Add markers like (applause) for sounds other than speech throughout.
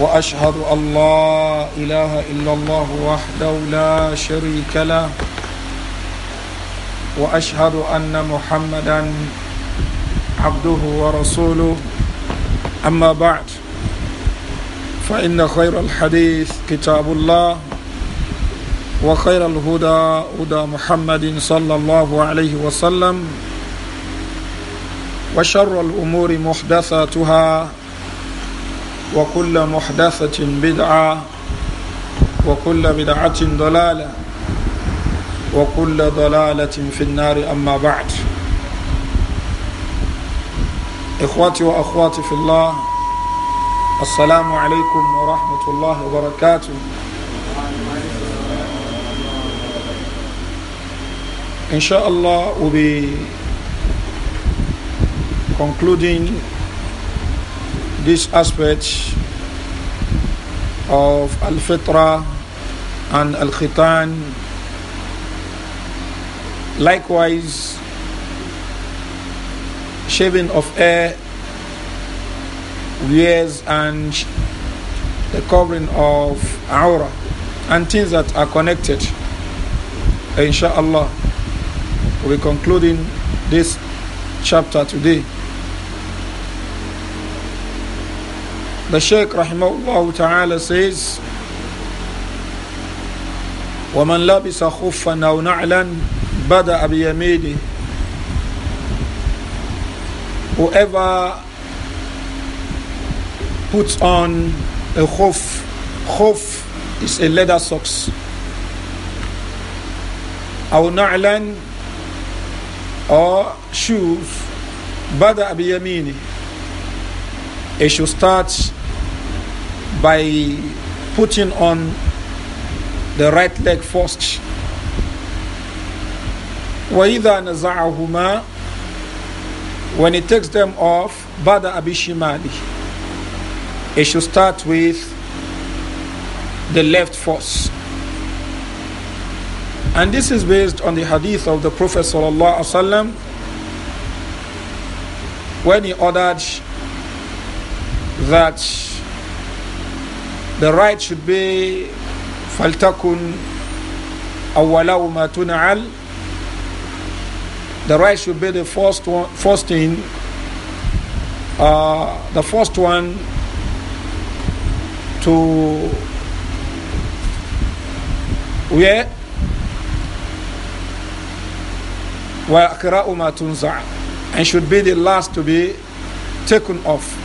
واشهد ان لا اله الا الله وحده لا شريك له واشهد ان محمدا عبده ورسوله اما بعد فان خير الحديث كتاب الله وخير الهدى هدى محمد صلى الله عليه وسلم وشر الامور محدثاتها وكل محدثة بدعة وكل بدعة ضلالة وكل ضلالة في النار أما بعد إخواتي وأخواتي في الله السلام عليكم ورحمة الله وبركاته إن شاء الله we'll be concluding this aspect of Al Fitra and Al Khitan. Likewise, shaving of hair, wears, and the covering of aura and things that are connected. Inshallah, we are concluding this chapter today. The Shaykh rahimahullah ta'ala says, ومن لبس خفا أو نعلا بدأ بيمينه Whoever puts on a khuf, khuf is a leather socks. أو نعلن or shoes بدأ بيمينه It should start by putting on the right leg first. When he takes them off, bada أَبِشِمَالِ It should start with the left first. And this is based on the hadith of the Prophet ﷺ when he ordered that the right should be فلتكن أولهما تنعل The right should be the first one, first thing, uh, the first one to where وَأَقْرَأُ مَا تُنْزَعَ and should be the last to be taken off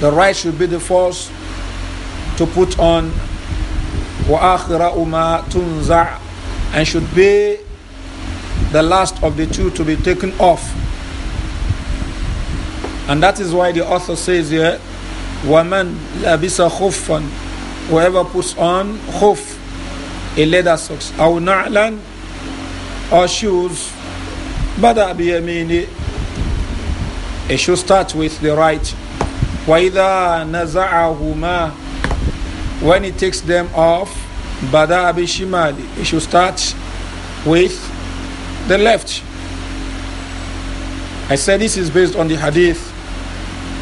the right should be the first to put on and should be the last of the two to be taken off. And that is why the author says here, وَمَنْ لَبِسَ خُفًّا Whoever puts on khuf, a leather socks, أو نعلا or shoes, بدأ بيمينه It should start with the right. وَإِذَا نَزَعَهُمَا When he takes them off, بَدَا بِشِمَالِ He should start with the left. I said this is based on the hadith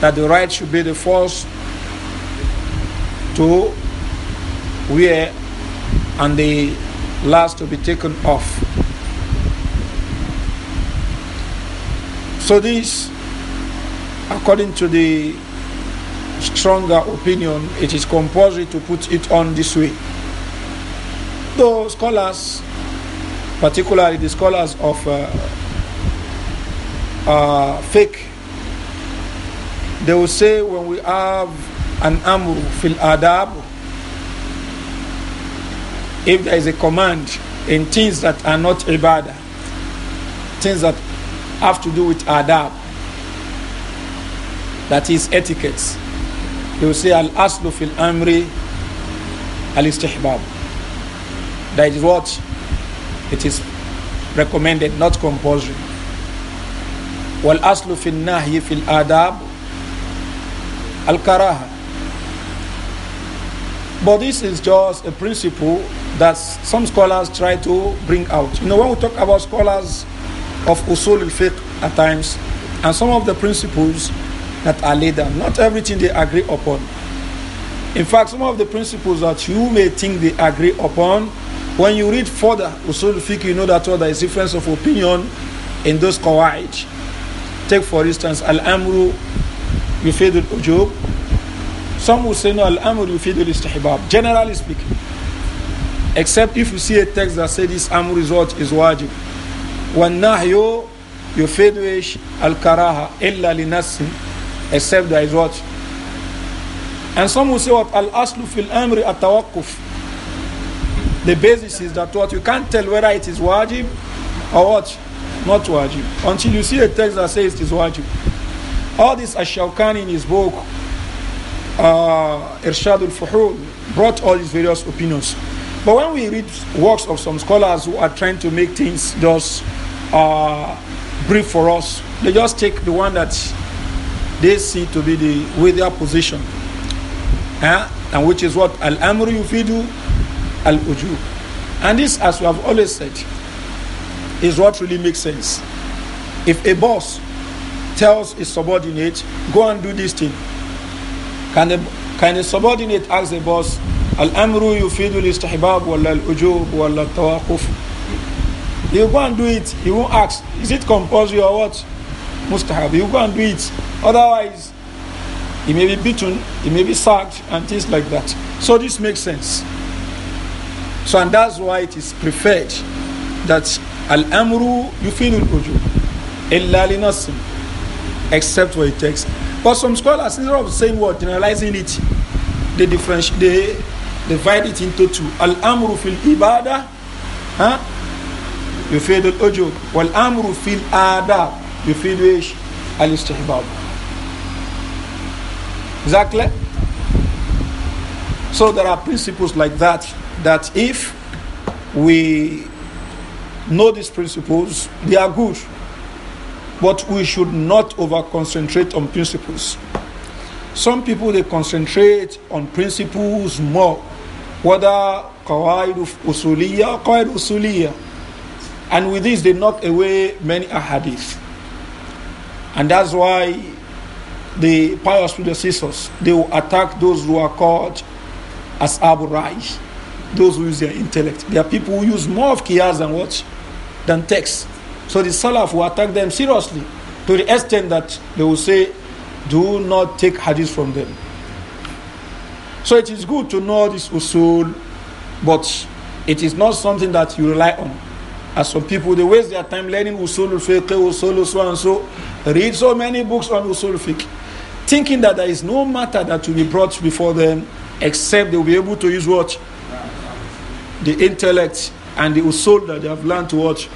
that the right should be the first to wear and the last to be taken off. So this, according to the stronger opinion, it is compulsory to put it on this way. Though scholars, particularly the scholars of uh, uh, fake, they will say when we have an amru fil adab, if there is a command in things that are not ibadah, things that have to do with adab, that is etiquette he will say al aslu fil amri al istihbab. That is what it is recommended, not compulsory. Wal aslu fil nahi fil adab al karaha. But this is just a principle that some scholars try to bring out. You know, when we talk about scholars of usul al-fiqh at times, and some of the principles that are laid down. Not everything they agree upon. In fact, some of the principles that you may think they agree upon, when you read further Usul Fiqh, you know that well, there is difference of opinion in those qawaid. Take for instance Al-Amru Yufidul Ujub. Some will say no, Al-Amru Yufidul Istihbab, generally speaking. Except if you see a text that says this Amru is what is wajib. وَالنَّهْيُ يُفِيدُ al-karaha إِلَّا لِنَسٍ except there is what? And some will say what al aslu fil amri at atawakuf." The basis is that what you can't tell whether it is wajib or what not wajib until you see a text that says it is wajib. All this ash in his book uh, Irshad al-Fuhul brought all these various opinions. But when we read works of some scholars who are trying to make things just uh, brief for us, they just take the one that they see to be the with their position. Huh? Eh? And which is what Al Amru Yufidu Al Uju. And this, as we have always said, is what really makes sense. If a boss tells his subordinate, go and do this thing, can the, can the subordinate ask the boss, Al Amru Yufidu Istihbab Walla Al Ujub Walla Tawakuf? You go and do it, he won't ask, is it compulsory or what? Mustahab, you go and do it. Otherwise, he may be beaten, he may be sacked, and things like that. So this makes sense. So and that's why it is preferred that al-amru yufilul Uju illa linasm except what it takes. But some scholars instead of saying what generalizing it, they differentiate, they divide it into two. Al-amru fil ibada, huh? amru الأجور ada, you feel يفيد Al-istihbab. Exactly. So there are principles like that that if we know these principles, they are good. But we should not over concentrate on principles. Some people they concentrate on principles more, whether qawaid usuliya or qawaid usuliya. And with this they knock away many ahadith. And that's why the pious predecessors, they will attack those who are called as Abu Rai, those who use their intellect. There are people who use more of Qiyas than what? Than text. So the Salaf will attack them seriously to the extent that they will say, do not take hadith from them. So it is good to know this usul, but it is not something that you rely on. As some people, they waste their time learning usul fiqh, usul so and so, read so many books on usul fiqh thinking that there is no matter that will be brought before them except they will be able to use what? The intellect and the soul that they have learned to watch.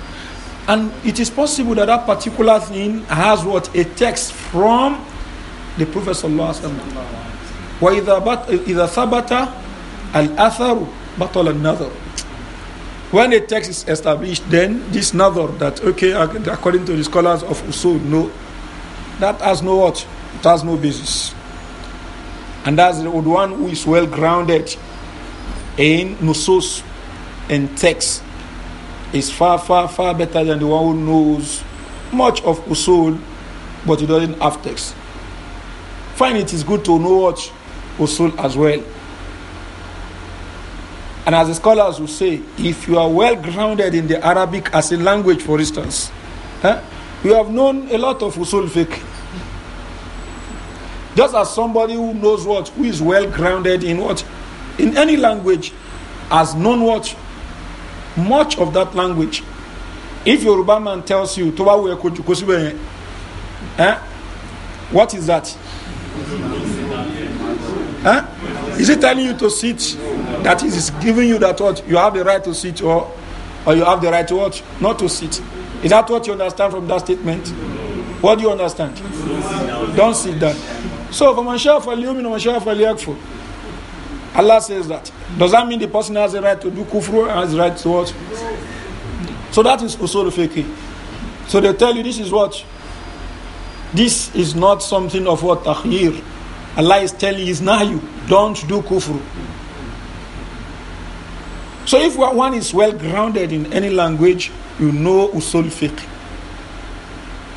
And it is possible that that particular thing has what? A text from the Prophet Sallallahu Alaihi Wasallam. sabata al الْأَثَرُ بَطَلَ another? When a text is established, then this another that, okay, according to the scholars of Usul, no, that has no what? It has no basis. And as the one who is well grounded in nusus and text is far, far, far better than the one who knows much of usul but he doesn't have text. Fine, it is good to know what usul as well. And as the scholars will say, if you are well grounded in the Arabic as a language, for instance, huh, you have known a lot of usul fiqh. Just as somebody who knows what, who is well grounded in what, in any language, has known what, much of that language. If your man tells you, eh? what is that? Eh? Is he telling you to sit? That is, giving you that what? You have the right to sit or, or you have the right to what? Not to sit. Is that what you understand from that statement? What do you understand? Don't sit down. So, فَمَنْ شَاءَ فَلْيُؤْمِنْ وَمَنْ شَاءَ فَلْيَكْفُرْ Allah says that. Does that mean the person has the right to do kufru and has the right to what? So that is usul fiqh. So they tell you this is what? This is not something of what takhir. Allah is telling is nahyu. Don't do kufru. So if one is well grounded in any language, you know usul fiqh.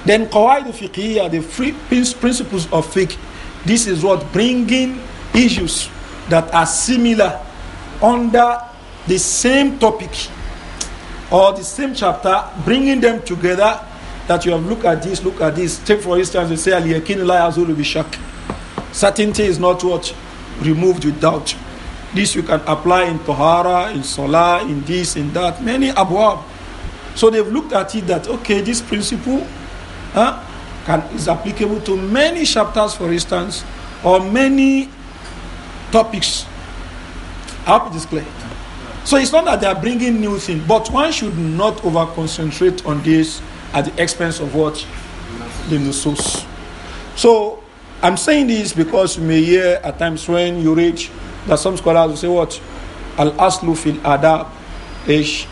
Then qawaid fiqhiyya, the free principles of fiqh, this is what bringing issues that are similar under the same topic or the same chapter, bringing them together that you have looked at this, look at this. Take for instance, you say Aliyakin la azulu bishak. Certainty is not what removed with doubt. This you can apply in Tahara, in Salah, in this, in that, many abwab. So they've looked at it that okay, this principle huh, can, is applicable to many chapters, for instance, or many topics. I hope it is clear. So it's not that they are bringing new things, but one should not over concentrate on this at the expense of what? The source. So I'm saying this because you may hear at times when you read that some scholars will say what? Al aslu fil adab ish.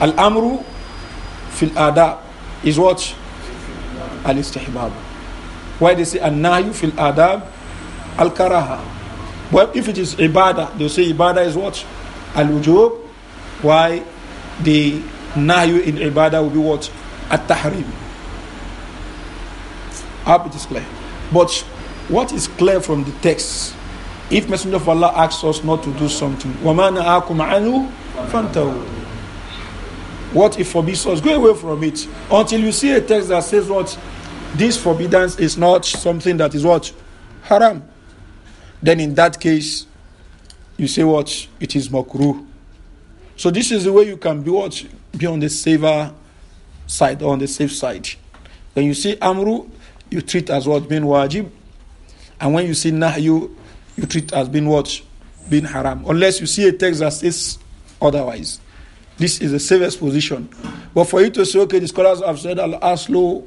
Al amru fil adab is what? al Why they say an-nahyu fil adab al-karaha. Well, if it is ibadah, they say ibadah is what? al Why the nahyu in ibadah will be what? At-tahrim. I hope it is clear. But what is clear from the text? If Messenger of Allah asks us not to do something, وَمَا نَعَاكُمْ عَنْهُ فَانْتَهُ what he forbids us. Go away from it until you see a text that says what this forbiddance is not something that is what haram. Then in that case, you say what it is makruh. So this is the way you can be what be on the safer side on the safe side. When you see amru, you treat as what being wajib, and when you see nahyu, you treat as being what being haram. Unless you see a text that says otherwise. This is the safest position. But for you to say, okay, the scholars have said al aslu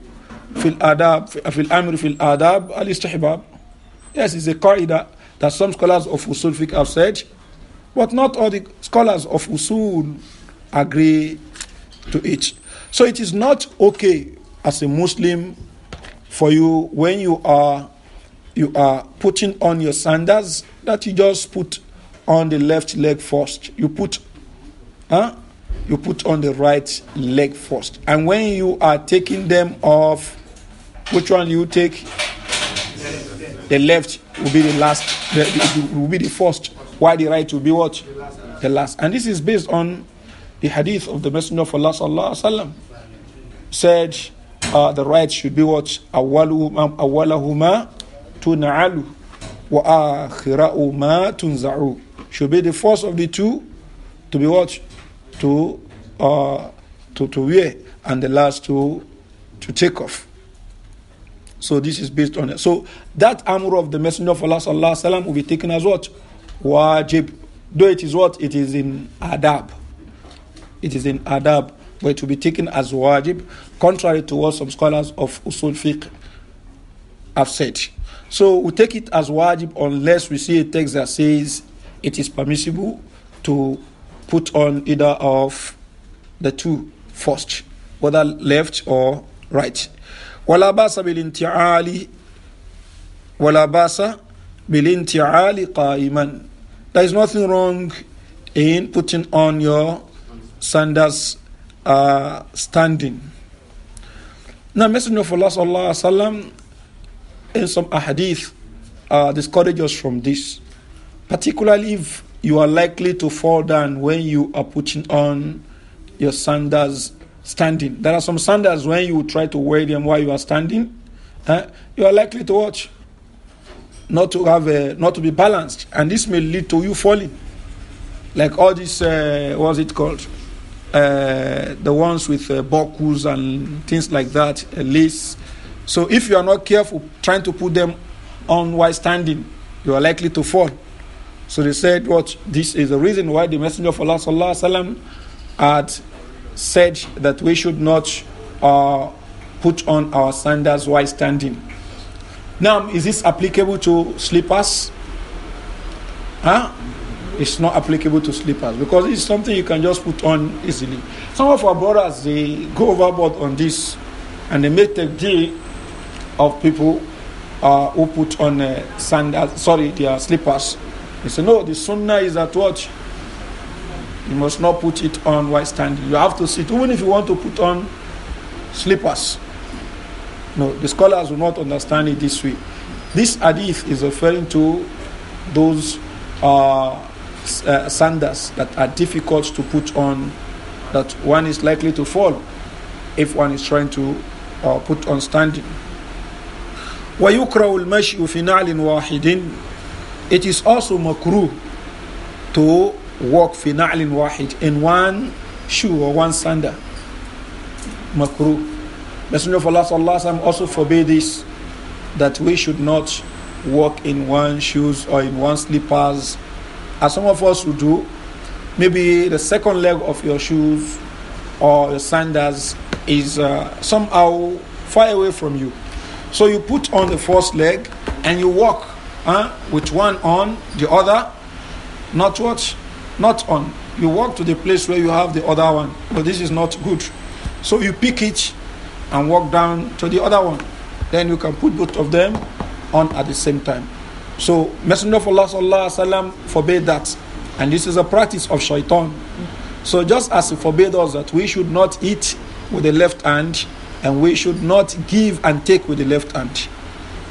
fil adab, fil amri fil adab, al istihbab. Yes, it's a qaida that some scholars of usul fiqh have said, but not all the scholars of usul agree to it. So it is not okay as a Muslim for you when you are you are putting on your sandals that you just put on the left leg first. You put huh? you put on the right leg first. And when you are taking them off, which one you take? The left will be the last, the, the, will be the first, while the right will be what? The last. And this is based on the hadith of the Messenger of Allah sallallahu alaihi wasallam said uh, the right should be what awalahuma tunalu wa akhirahuma tunzaru should be the first of the two to be what to, uh, to, to wear and the last to, to take off. So this is based on it. So that amr of the Messenger of Allah sallallahu alaihi will be taken as what? Wajib. Though it is what? It is in adab. It is in adab, but it will be taken as wajib, contrary to what some scholars of usul fiqh have said. So we take it as wajib unless we see a text that says it is permissible to put on either of the two first, whether left or right. Walabasa باس بالانتعال ولا باس بالانتعال قائما There is nothing wrong in putting on your sandals uh, standing. Now, Messenger of Allah sallallahu alaihi wasallam in some ahadith uh, discourages us from this, particularly if you are likely to fall down when you are putting on your sandals standing. There are some sandals when you try to wear them while you are standing, eh? you are likely to watch, not to have, a, not to be balanced, and this may lead to you falling. Like all this, uh, eh, what's it called? Uh, the ones with uh, buckles and things like that, uh, lace. So if you are not careful trying to put them on while standing, you are likely to fall. So they said, What? This is the reason why the Messenger of Allah وسلم, had said that we should not uh, put on our sandals while standing. Now, is this applicable to slippers? Huh? It's not applicable to slippers because it's something you can just put on easily. Some of our brothers they go overboard on this and they make the deal of people uh, who put on uh, sandals, sorry, their slippers. He said, no, the sunnah is at what? You must not put it on while standing. You have to sit, even if you want to put on slippers. No, the scholars will not understand it this way. This hadith is referring to those uh, uh, sandals that are difficult to put on, that one is likely to fall if one is trying to uh, put on standing. ويكره المشي في نعل واحد it is also makruh to walk fi na'lin wahid in one shoe or one sandal. Makruh. Messenger of Allah sallallahu alaihi wasallam also forbade this that we should not walk in one shoes or in one slippers as some of us would do maybe the second leg of your shoes or your sandals is uh, somehow far away from you so you put on the first leg and you walk huh? with one on the other, not what? Not on. You walk to the place where you have the other one, but this is not good. So you pick it and walk down to the other one. Then you can put both of them on at the same time. So Messenger of Allah sallallahu alaihi wasallam forbade that, and this is a practice of shaitan. So just as he forbade us that we should not eat with the left hand, and we should not give and take with the left hand.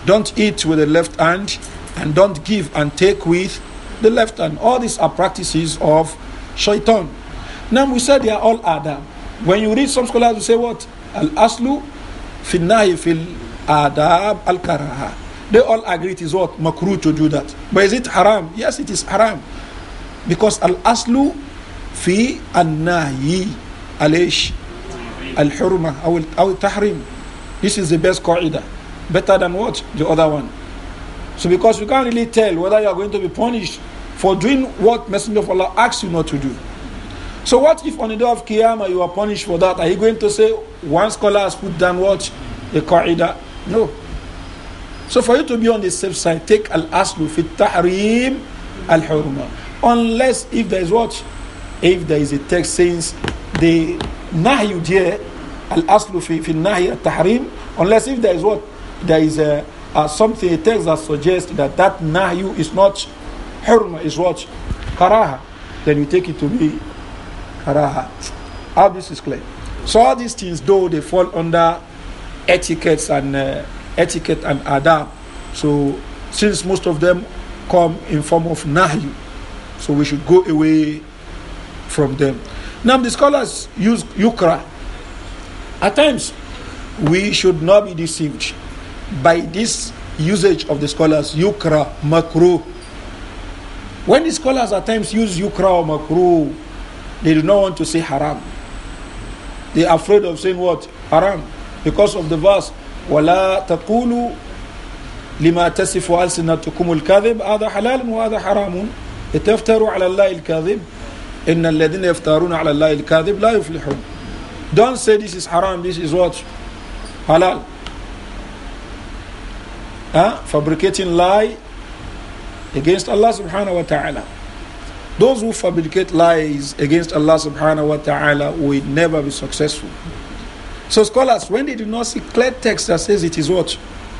Don't eat with the left hand and don't give and take with the left hand. All these are practices of shaitan. Now we said they are all adam. When you read some scholars, you say what? Al aslu finnahi fil adab al karaha. They all agree it is what? Makruh to do that. But is it haram? Yes, it is haram. Because al aslu fi al nahi al ish al hurma I will tahrim. This is the best qa'idah, Better than what? The other one. So because we can't really tell whether you are going to be punished for doing what Messenger of Allah asks you not to do. So what if on the day of Qiyamah you are punished for that? Are you going to say one scholar has put down what? The Qaeda? No. So for you to be on the safe side, take al-aslu fit tahrim al-hurma. Unless if there is what? If there is a text saying the nahyu here, al-aslu fi, Nahi al-tahrim, unless if there is what? There is a uh, something, a text that suggests that that nahyu is not hurma, is what? Karaha. Then you take it to be karaha. All this is clear. So all these things, though, they fall under etiquettes and uh, etiquette and adab. So since most of them come in form of nahyu, so we should go away from them. Now the scholars use yukra. At times, we should not be deceived by this usage of the scholars, yukra, makruh. When the scholars at times use yukra or makruh, they do not want to say haram. They are afraid of saying what? Haram. Because of the verse, وَلَا lima لما تسف ألسنتكم الكذب هذا حلال وهذا حرام لتفتروا على الله الكاذب إن الذين يفترون Don't say this is haram, this is what? Halal huh? fabricating lie against Allah subhanahu wa ta'ala. Those who fabricate lies against Allah subhanahu wa ta'ala will never be successful. So scholars, when they do not see clear text that says it is what?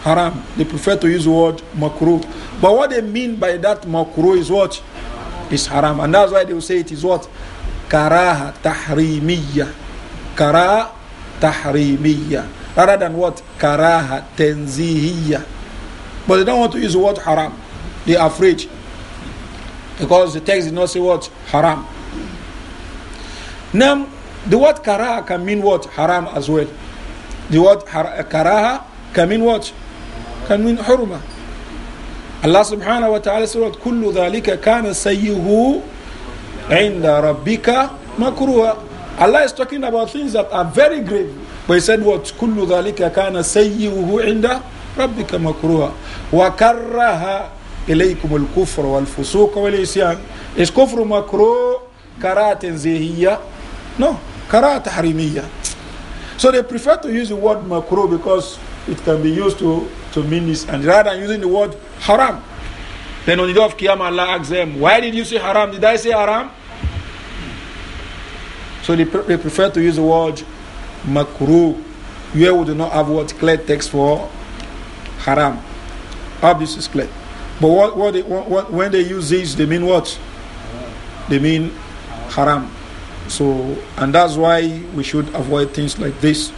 Haram. They prefer to use the word makruh. But what they mean by that makruh is what? Is haram. And that's why they will say it is what? Karaha tahrimiyya. Karaha tahrimiyya. Rather than what? Karaha tenzihiyya. But they don't want to use the word haram. They are afraid. Because the text did not say what? Haram. Now, the word karaha can mean what? Haram as well. The word karaha can mean what? Can mean hurma. Allah subhanahu wa ta'ala said, Kullu dhalika kana sayyuhu inda rabbika makruha. Allah is talking about things that are very grave. But he said what? Kullu dhalika kana sayyuhu inda ربك مكروها وكره إليكم الكفر والفسوق والعصيان Is كفر makru karat تنزيهية no karat تحريمية so they prefer to use the word makru because it can be used to, to mean this and rather than using the word haram then on the day of Qiyamah Allah asks them why did you say haram did I say haram so they, they prefer to use the word makru, where we do not have what clear text for haram. All this is clear. But what, what, they, what, when they use this, they mean what? They mean haram. So, and that's why we should avoid things like this.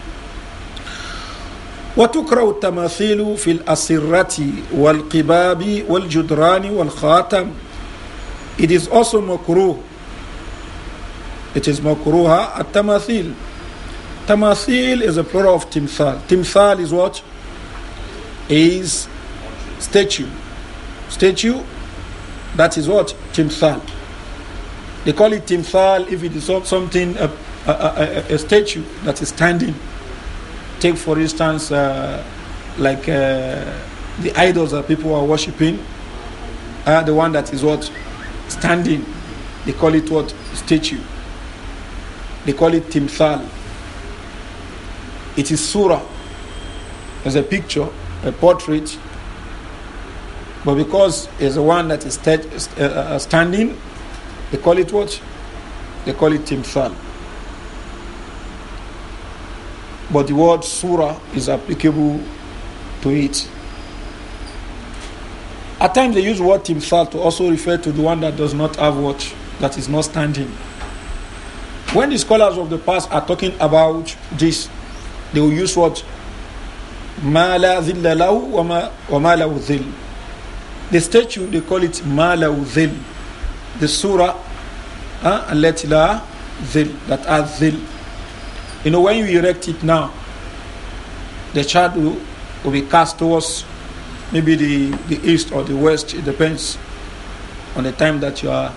وتكره التماثيل في الأسرة والقباب والجدران والخاتم It is also makruh. It is makruha at tamasil. Tamasil is a plural of timsal. Timsal is what? is statue. Statue, that is what? Timthal. They call it timthal if it is something, a, a, a, a statue that is standing. Take, for instance, uh, like uh, the idols that people are worshipping, uh, the one that is what? Standing. They call it what? Statue. They call it timthal. It is surah. There's a picture a portrait, but because it's the one that is uh, uh, uh, standing, they call it what? They call it timthal. But the word surah is applicable to it. At times they use the word timthal to also refer to the one that does not have what, that is not standing. When the scholars of the past are talking about this, they will use what ma la zilla lahu wa ma, wa ma lahu zil. The statue, they call it ma lahu zil. The surah, uh, let la zil, that has zil. You know, when you erect it now, the child will, will be cast towards maybe the, the east or the west, it depends on the time that you are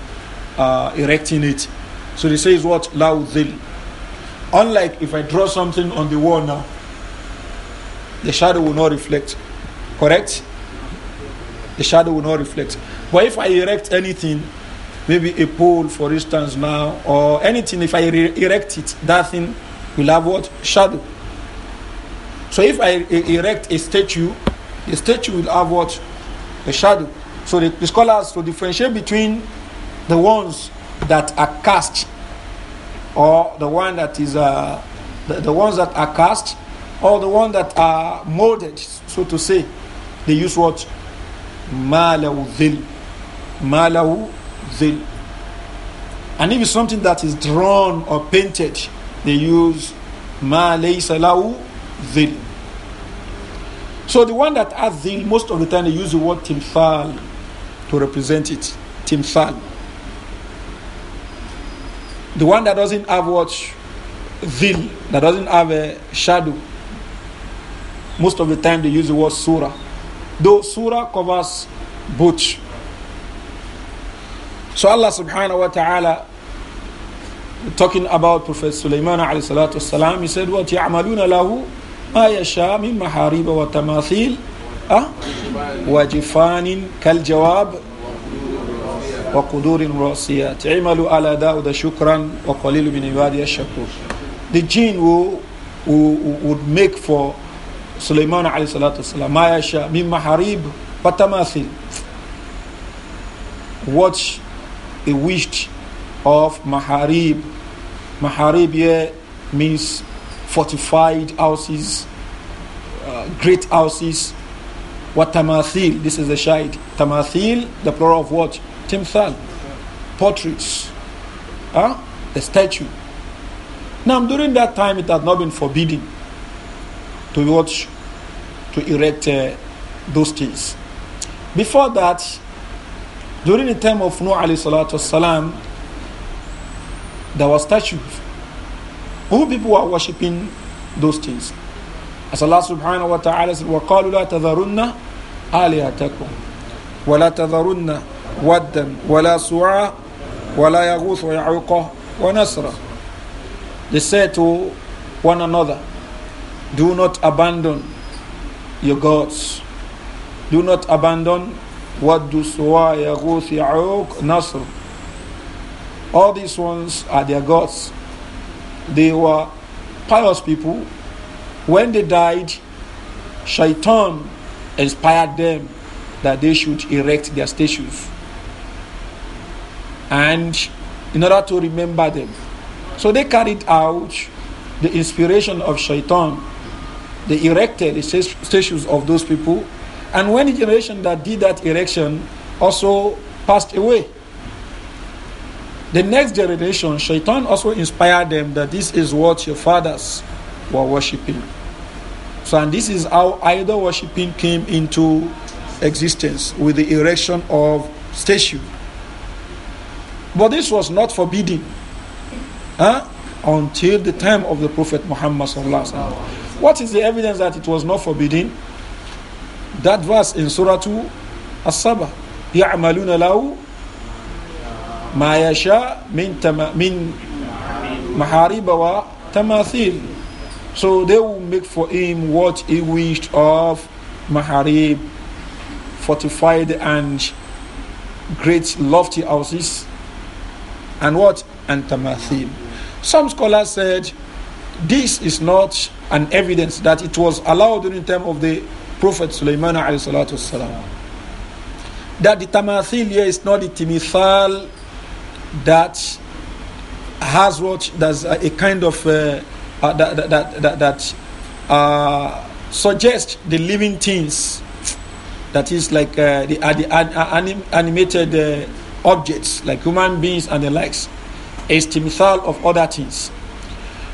uh, erecting it. So they say is what? zil. Unlike if I draw something on the wall now, the shadow will not reflect. Correct? The shadow will not reflect. But if I erect anything, maybe a pole, for instance, now, or anything, if I erect it, that thing will have what? Shadow. So if I erect a statue, the statue will have what? A shadow. So the, the scholars to differentiate between the ones that are cast or the one that is uh, the, the ones that are cast or the one that are molded, so to say, they use what? Malawu zil. Malawu zil. And if it's something that is drawn or painted, they use ma laysa zil. So the one that has zil most of the time they use the word timfal to represent it. Timfal. The one that doesn't have what? zil, that doesn't have a shadow, most of the time they use the word surah. Though surah covers both. So Allah subhanahu wa ta'ala talking about Prophet Sulaiman alayhi salatu wasalam, he said, What ya'maluna lahu ma yasha min mahariba wa tamathil ah, wa jifanin kal jawab wa qudurin rasiyat. Imalu ala shukran wa qalilu min ibadiya shakur. The jinn who, who, who would make for Sulaiman alayhi salatu wasalam, Mayasha, Mim Maharib, What he wished of Maharib. Maharib here means fortified houses, uh, great houses. What tamathil? This is the shahid. Tamathil, the plural of what? Timthal. Portraits. Huh? The statue. Now, during that time, it had not been forbidden to watch to erect uh, those things. Before that, during the time of Noor alayhi salatu salam, there was statues. Who people were worshipping those things? As Allah subhanahu wa ta'ala said, وَقَالُوا لَا تَذَرُنَّ آلِهَتَكُمْ وَلَا تَذَرُنَّ وَدًّا وَلَا سُعَى وَلَا يَغُوثُ وَيَعُوقَ وَنَسْرًا They said to one another, do not abandon your gods. Do not abandon what do Nasr. All these ones are their gods. They were pious people. When they died, Shaitan inspired them that they should erect their statues and in order to remember them. So they carried out the inspiration of Shaitan they erected the statues of those people. And when the generation that did that erection also passed away, the next generation, Shaitan also inspired them that this is what your fathers were worshipping. So, and this is how idol worshipping came into existence with the erection of statue. But this was not forbidden huh? until the time of the Prophet Muhammad. What is the evidence that it was not forbidden? That verse in Surah 2, As-Saba, يَعْمَلُونَ لَهُ مَا يَشَاءُ مِنْ, تما, من محارب وتماثيل So they will make for him what he wished of maharib, fortified and great lofty houses, and what? And tamathil. Some scholars said this is not an evidence that it was allowed during the time of the Prophet Sulaiman that the tamathil here is not the timithal that has what does a, a kind of uh, uh, that that that, that uh, suggests the living things that is like uh, the, uh, the uh, anim, animated objects like human beings and the likes is timithal of other things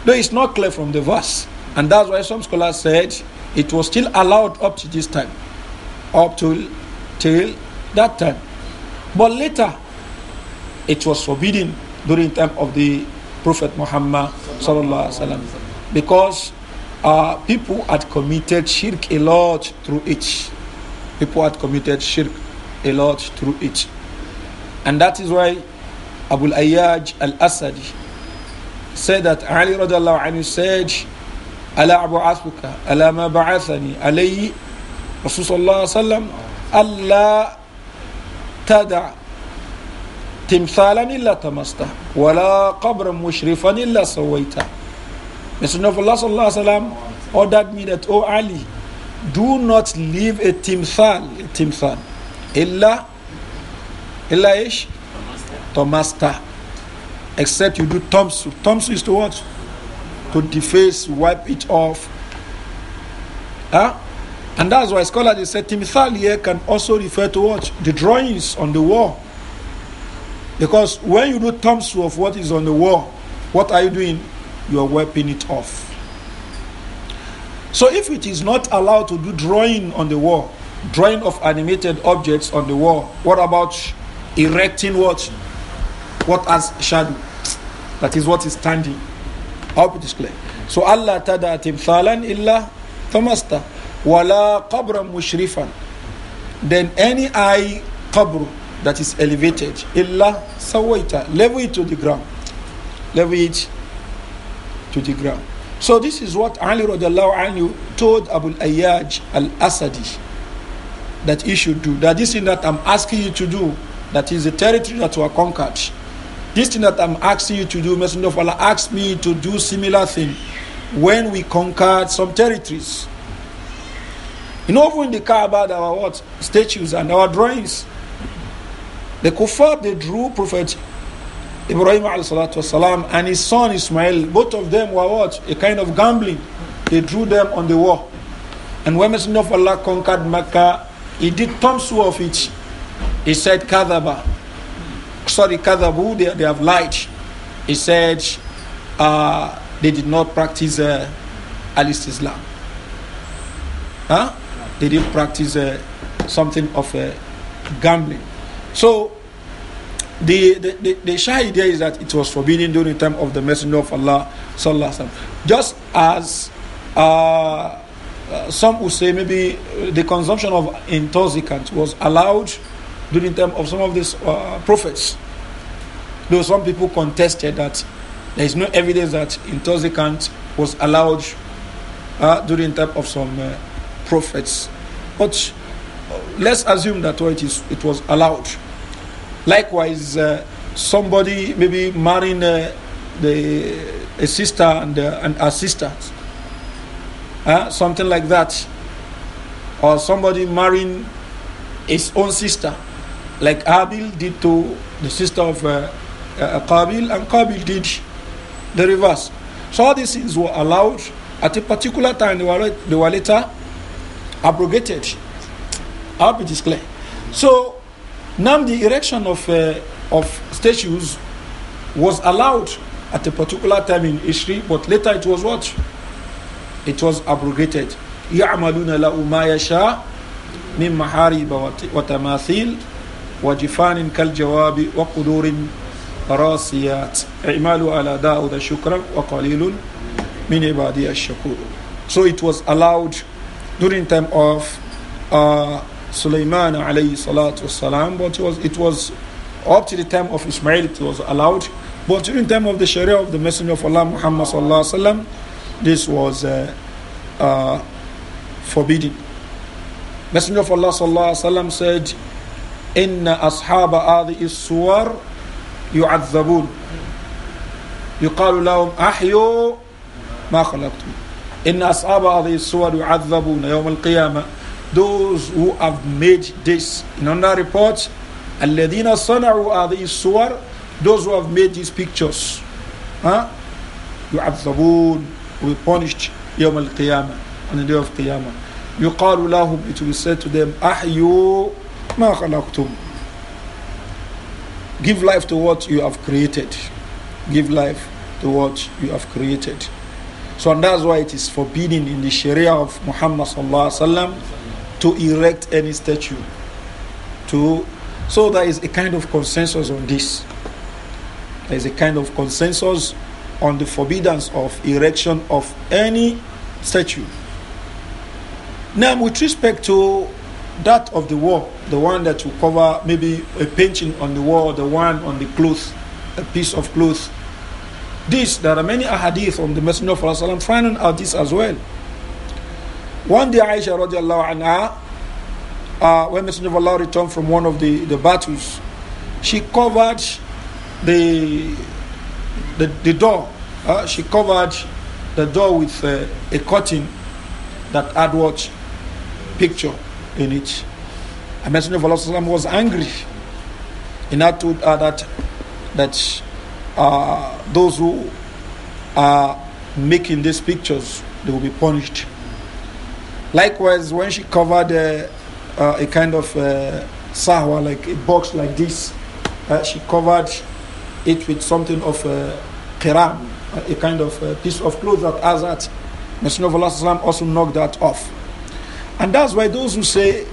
though it's not clear from the verse and that's why some scholars said it was still allowed up to this time, up till, till that time. But later, it was forbidden during time of the Prophet Muhammad sallam, because uh, people had committed shirk a lot through it. People had committed shirk a lot through it. And that is why Abu Ayyaj al-Asadi said that Ali radiallahu anhu said, ألا أبعثك ألا ما بعثني علي رسول صلى الله عليه وسلم ألا تدع تمثالا إلا تمسته ولا قبرا مشرفا إلا سويته Messenger of Allah صلى الله عليه وسلم ordered me that O Ali do not leave a timthal a timthal إلا إلا إيش تمسته except you do tomsu tomsu is to what to deface, wipe it off. Huh? And that's why scholars they say Timithal here can also refer to what? The drawings on the wall. Because when you do thumbs of what is on the wall, what are you doing? You are wiping it off. So if it is not allowed to do drawing on the wall, drawing of animated objects on the wall, what about erecting what? What as shadow? That is what is standing hope it is clear. So Allah tada timthalan illa thamasta. Wala qabra mushrifan. Then any eye qabru that is elevated. Illa sawaita. Level it to the ground. Level it to the ground. So this is what Ali radiallahu anhu told Abu Ayyaj al-Asadi that he should do. That this thing that I'm asking you to do, that is the territory that were conquered. This thing that I'm asking you to do, Messenger of Allah asked me to do similar thing when we conquered some territories. You know, over in the Kaaba, there were what? Statues and our drawings. The kuffar, they drew Prophet Ibrahim والسلام, and his son Ismail. Both of them were what? A kind of gambling. They drew them on the wall. And when Messenger of Allah conquered Mecca, he did thumbs of it. He said, Kadaba sorry, Kadabu, they, they have lied. He said uh, they did not practice uh, least Islam. Huh? They did practice uh, something of uh, gambling. So, the, the, the, the shy idea is that it was forbidden during the time of the Messenger of Allah. Just as uh, uh, some would say maybe the consumption of intoxicants was allowed during time of some of these uh, prophets. Though some people contested that there is no evidence that intoxicant was allowed uh, during time of some uh, prophets. But uh, let's assume that well, it, is, it was allowed. Likewise, uh, somebody maybe marrying uh, the, a sister and, and a sister, something like that, or somebody marrying his own sister like Abil did to the sister of uh, uh, Qabil, and Qabil did the reverse. So all these things were allowed at a particular time, they were, they were later abrogated. I hope clear. So now the erection of, uh, of statues was allowed at a particular time in history, but later it was what? It was abrogated. يعملون له ما يشاء من محارب وتماثيل وجفان كالجواب وقدور راسيات على داود شكرا وقليل من عبادي الشكور So it was allowed during time of uh, Sulaiman alayhi salatu wasalam, but it was, it was up to the time of Ismail it was allowed. But during time of the Sharia of the Messenger of Allah Muhammad sallallahu alaihi this was uh, uh, forbidden. Messenger of Allah sallallahu said, إن أصحاب هذه الصور يعذبون يقال لهم أحيوا ما خلقتم إن أصحاب هذه الصور يعذبون يوم القيامة those who have made this in another report الذين صنعوا هذه الصور those who have made these pictures huh? يعذبون will be punished يوم القيامة on the day of قيامة يقال لهم it will be said to them أحيوا Give life to what you have created. Give life to what you have created. So and that's why it is forbidden in the Sharia of Muhammad sallallahu alaihi wasallam to erect any statue. To so there is a kind of consensus on this. There is a kind of consensus on the forbiddance of erection of any statue. Now, with respect to that of the war, the one that will cover maybe a painting on the wall, the one on the cloth, a piece of cloth. This, there are many ahadith on the Messenger of Allah finding out this as well. One day Aisha radiallahu anha, uh, when Messenger of Allah returned from one of the, the battles, she covered the, the, the door. Uh, she covered the door with uh, a curtain that had what? Picture in it. A messenger of Allah was angry. in that told uh, that, that uh, those who are making these pictures, they will be punished. Likewise, when she covered uh, uh, a kind of uh, sahwa, like a box like this, uh, she covered it with something of uh, qiram, a kind of uh, piece of cloth that azat that. Messenger of Allah also knocked that off. And that's why those who say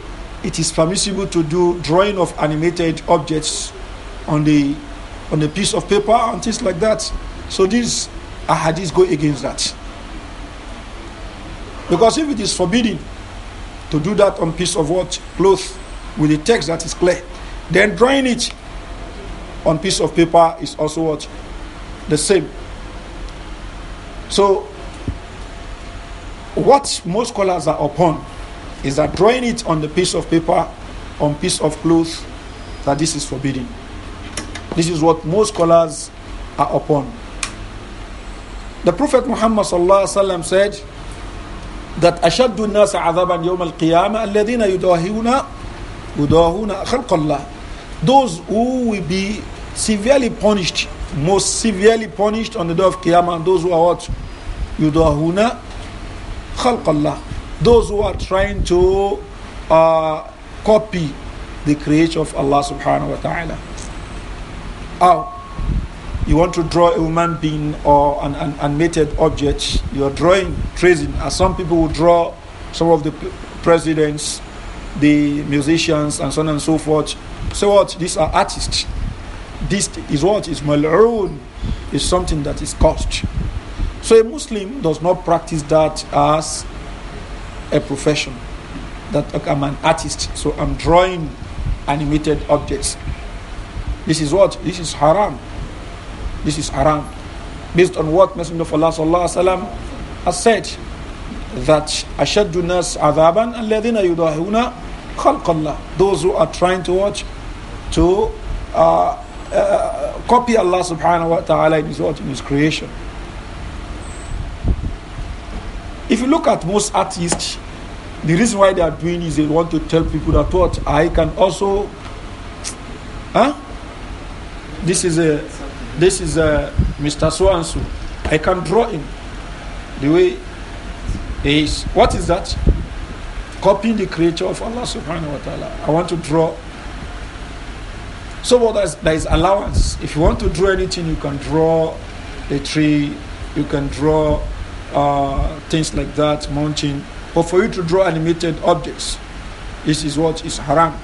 it is permissible to do drawing of animated objects on the on a piece of paper and things like that. So these ahadiths go against that. Because if it is forbidden to do that on piece of what cloth with a text that is clear, then drawing it on piece of paper is also what the same. So what most scholars are upon is that drawing it on the piece of paper, on piece of cloth, that this is forbidden. This is what most scholars are upon. The Prophet Muhammad sallallahu said that أشد الناس عذابا يوم القيامة الذين يداهون يداهون خلق الله those who will be severely punished most severely punished on the day of Qiyamah those who are what يداهون خلق الله those who are trying to uh, copy the creation of Allah subhanahu wa ta'ala. Oh, You want to draw a human being or an, an animated object, you're drawing, tracing, as some people will draw some of the presidents, the musicians, and so on and so forth. So what? These are artists. This is what is mal'oon, is something that is cursed. So a Muslim does not practice that as a profession. That okay, I'm an artist, so I'm drawing animated objects. This is what? This is haram. This is haram. Based on what Messenger of Allah وسلم, has said that Ashaddu nas adhaban alladhina yudahuna khalqallah. Those who are trying to watch to uh, uh, copy Allah subhanahu wa ta'ala in his, in his creation. look at most artists, the reason why they are doing is they want to tell people that what I can also, huh? This is a, this is a Mr. So and so. I can draw him the way he is. What is that? Copying the creator of Allah subhanahu wa ta'ala. I want to draw. So what well, there is allowance. If you want to draw anything, you can draw a tree, you can draw uh, things like that, mountain. But for you to draw animated objects, this is what is haram,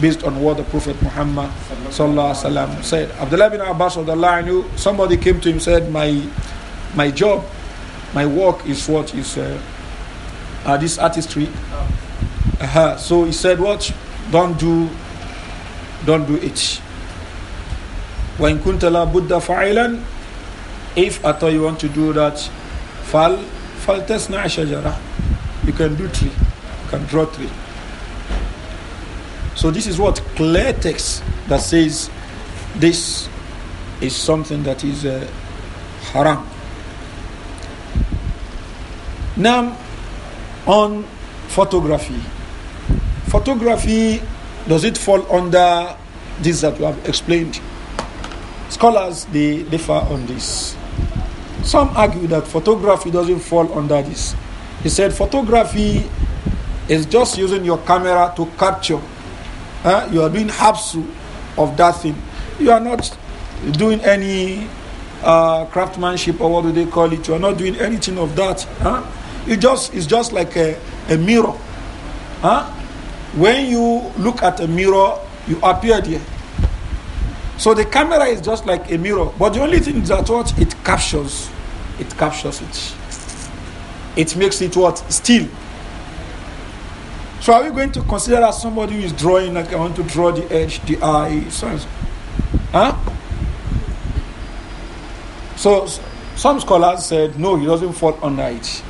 based on what the Prophet Muhammad sallam, said. Abdullah bin Abbas of the line, somebody came to him said, my, my job, my work is what is uh, uh, this artistry. -huh. So he said, what? Don't do, don't do it. When kuntala Buddha بد فاعلا if at all you want to do that Fal, faltasna shajara. You can do three. You can draw three. So this is what clear text that says this is something that is uh, haram. Now, on photography. Photography, does it fall under this that we have explained? Scholars, they differ on this. Some argue that photography doesn't fall under this. He said photography is just using your camera to capture. You are doing hapsu of that thing. You are not doing any uh, craftsmanship or what do they call it. You are not doing anything of that. Huh? It just it's just like a, a mirror. Huh? When you look at a mirror, you appear there. So the camera is just like a mirror, but the only thing is that what it captures it captures it. It makes it what? Still. So are we going to consider that somebody who is drawing, like I want to draw the edge, the eye, so, huh? So some scholars said no, he doesn't fall under it.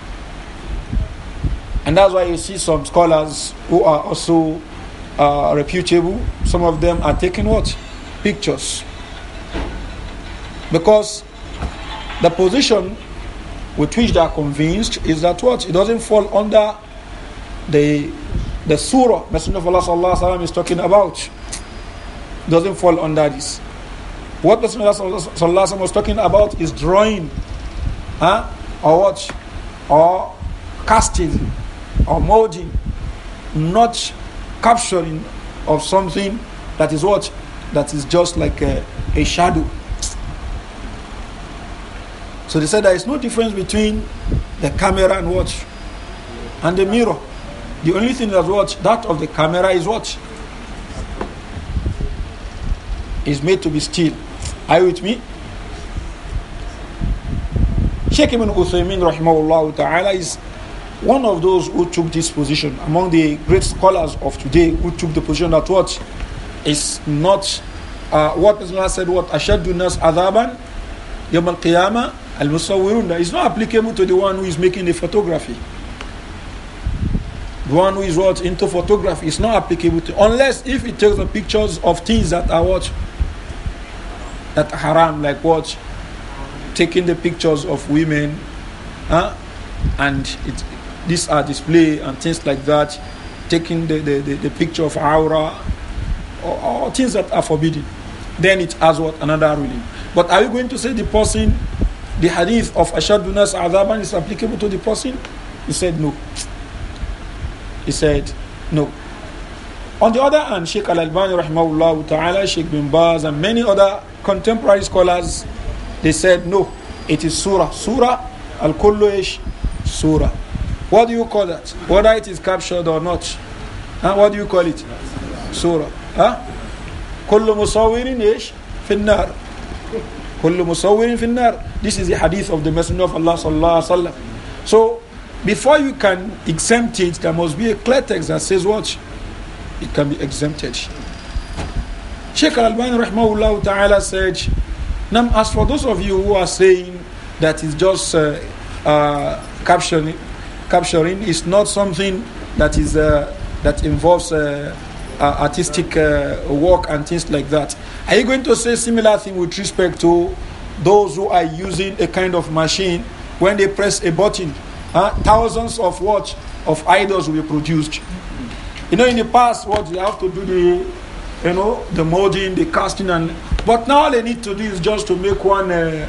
And that's why you see some scholars who are also uh, reputable, some of them are taking what? Pictures. Because the position with which they are convinced is that what? It doesn't fall under the, the surah Messenger of Allah sallallahu sallam, is talking about. It doesn't fall under this. What Messenger of Allah sallallahu sallam, was talking about is drawing huh? or what? Or casting or molding, not capturing of something that is what? That is just like a, a shadow. So they said there is no difference between the camera and watch and the mirror. The only thing that watch that of the camera is watch is made to be still. Are you with me? Sheikh Ibn Uthaymeen rahimahullah ta'ala is one of those who took this position among the great scholars of today who took the position that what is not uh, what Rasulullah said what ashaddu nas adhaban yawm al-qiyamah al musawiruna is not applicable to the one who is making the photography. The one who is what into photography is not applicable to unless if it takes the pictures of things that are what that are haram, like what taking the pictures of women, huh? and it, these are display and things like that, taking the, the, the, the picture of aura or, or, things that are forbidden, then it has what another ruling. But are you going to say the person the hadith of Ashadunas Adaban is applicable to the person? He said, No. He said, No. On the other hand, Sheikh Al Albani, Rahimahullah Ta'ala, Sheikh bin Baz, and many other contemporary scholars, they said, No, it is Surah. Surah, Al Kulluish, Surah. What do you call that? Whether it is captured or not. Huh? What do you call it? Surah. Huh? كل مصور ايش؟ في النار this is the hadith of the messenger of Allah sallallahu alaihi wasallam so before you can exempt it there must be a clear text that says what it can be exempted Sheikh Al-Albani rahmahullah ta'ala said now as for those of you who are saying that it's just uh, uh, capturing capturing is not something that is uh, that involves uh, uh, artistic uh, work and things like that. Are you going to say similar thing with respect to those who are using a kind of machine when they press a button? Uh, thousands of what of idols will be produced. You know, in the past, what you have to do the, you know, the molding, the casting, and but now all they need to do is just to make one uh,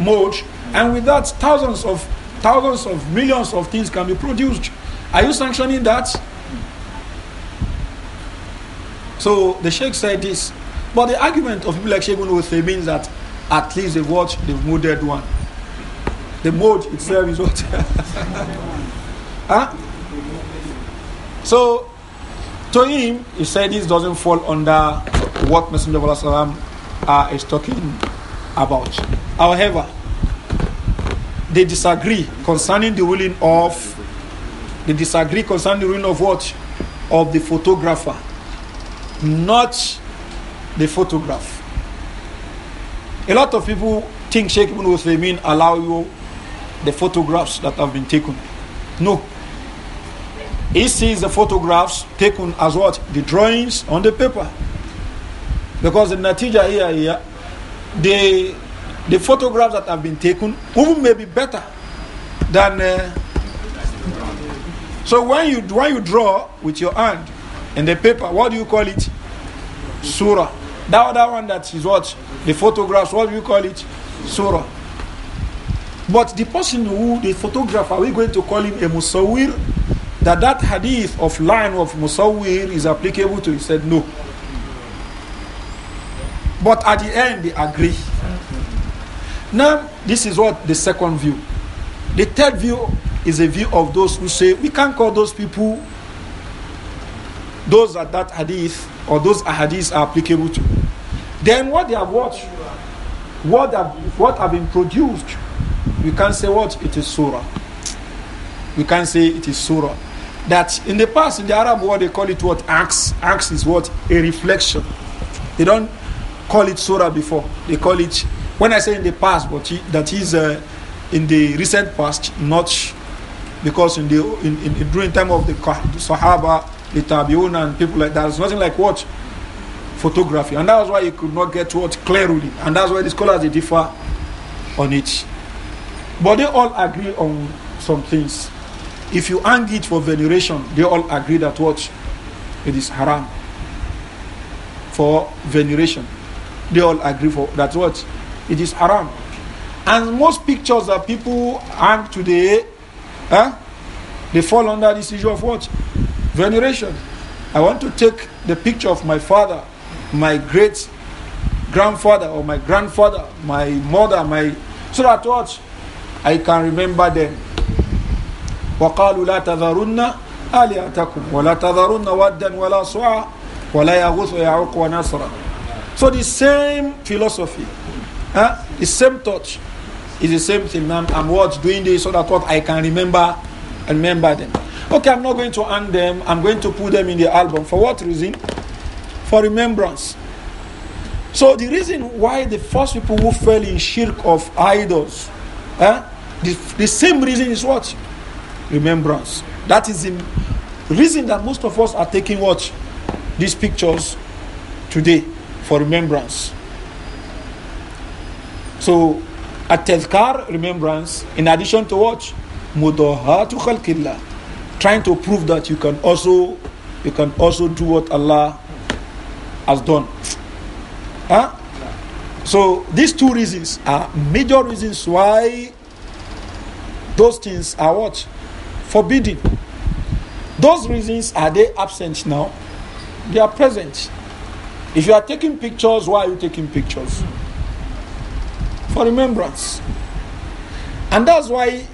mold, and with that, thousands of thousands of millions of things can be produced. Are you sanctioning that? So the Sheikh said this. But the argument of people like Sheikh Ibn means that at least they've watched the molded one. The mold itself is what? (laughs) huh? So to him, he said this doesn't fall under what Messenger of Allah uh, is talking about. However, they disagree concerning the ruling of they disagree concerning the ruling of what? Of the photographer not the photograph. A lot of people think Sheikh Ibn Uthaymeen allow you the photographs that have been taken. No. He sees the photographs taken as what? The drawings on the paper. Because the natija here, here the, the photographs that have been taken even may be better than. Uh, so when you, when you draw with your hand, in the paper. What do you call it? Surah. That other one that is what? The photographs, what do you call it? Surah. But the person who, the photographer, we going to call him a musawir, that that hadith of line of musawir is applicable to, he said no. But at the end, they agree. Now, this is what the second view. The third view is a view of those who say, we can't call those people those that that hadith or those hadiths are applicable to. Then what they have watched, what have, what have been produced, we can say what it is surah. We can say it is surah. That in the past in the Arab world they call it what acts. Acts is what a reflection. They don't call it surah before. They call it when I say in the past, but that is uh, in the recent past, not because in the in, in during time of the Sahaba Itabiona and people like that. It's nothing like what? Photography. And that's why you could not get what clearly. And that's why the scholars they differ on it. But they all agree on some things. If you hang it for veneration, they all agree that what? It is haram for veneration. They all agree for that what? It is haram. And most pictures that people hang today, eh, they fall under this issue of what? veneration. I want to take the picture of my father, my great grandfather, or my grandfather, my mother, my so that what I can remember them. وقالوا لا تذرن آلهتكم ولا تذرن ودا ولا صعا ولا يغوث ويعوق ونصرا So the same philosophy, huh? the same thought is the same thing. I'm, I'm what doing this so that what I can remember and remember them. Okay, I'm not going to hang them. I'm going to put them in the album. For what reason? For remembrance. So the reason why the first people who fell in shirk of idols, eh, the, the same reason is what? Remembrance. That is the reason that most of us are taking what? These pictures today for remembrance. So, at remembrance, in addition to what? Mudahatu khalqillah trying to prove that you can also you can also do what Allah has done. Huh? So these two reasons are major reasons why those things are what? Forbidden. Those reasons are they absent now? They are present. If you are taking pictures, why are you taking pictures? For remembrance. And that's why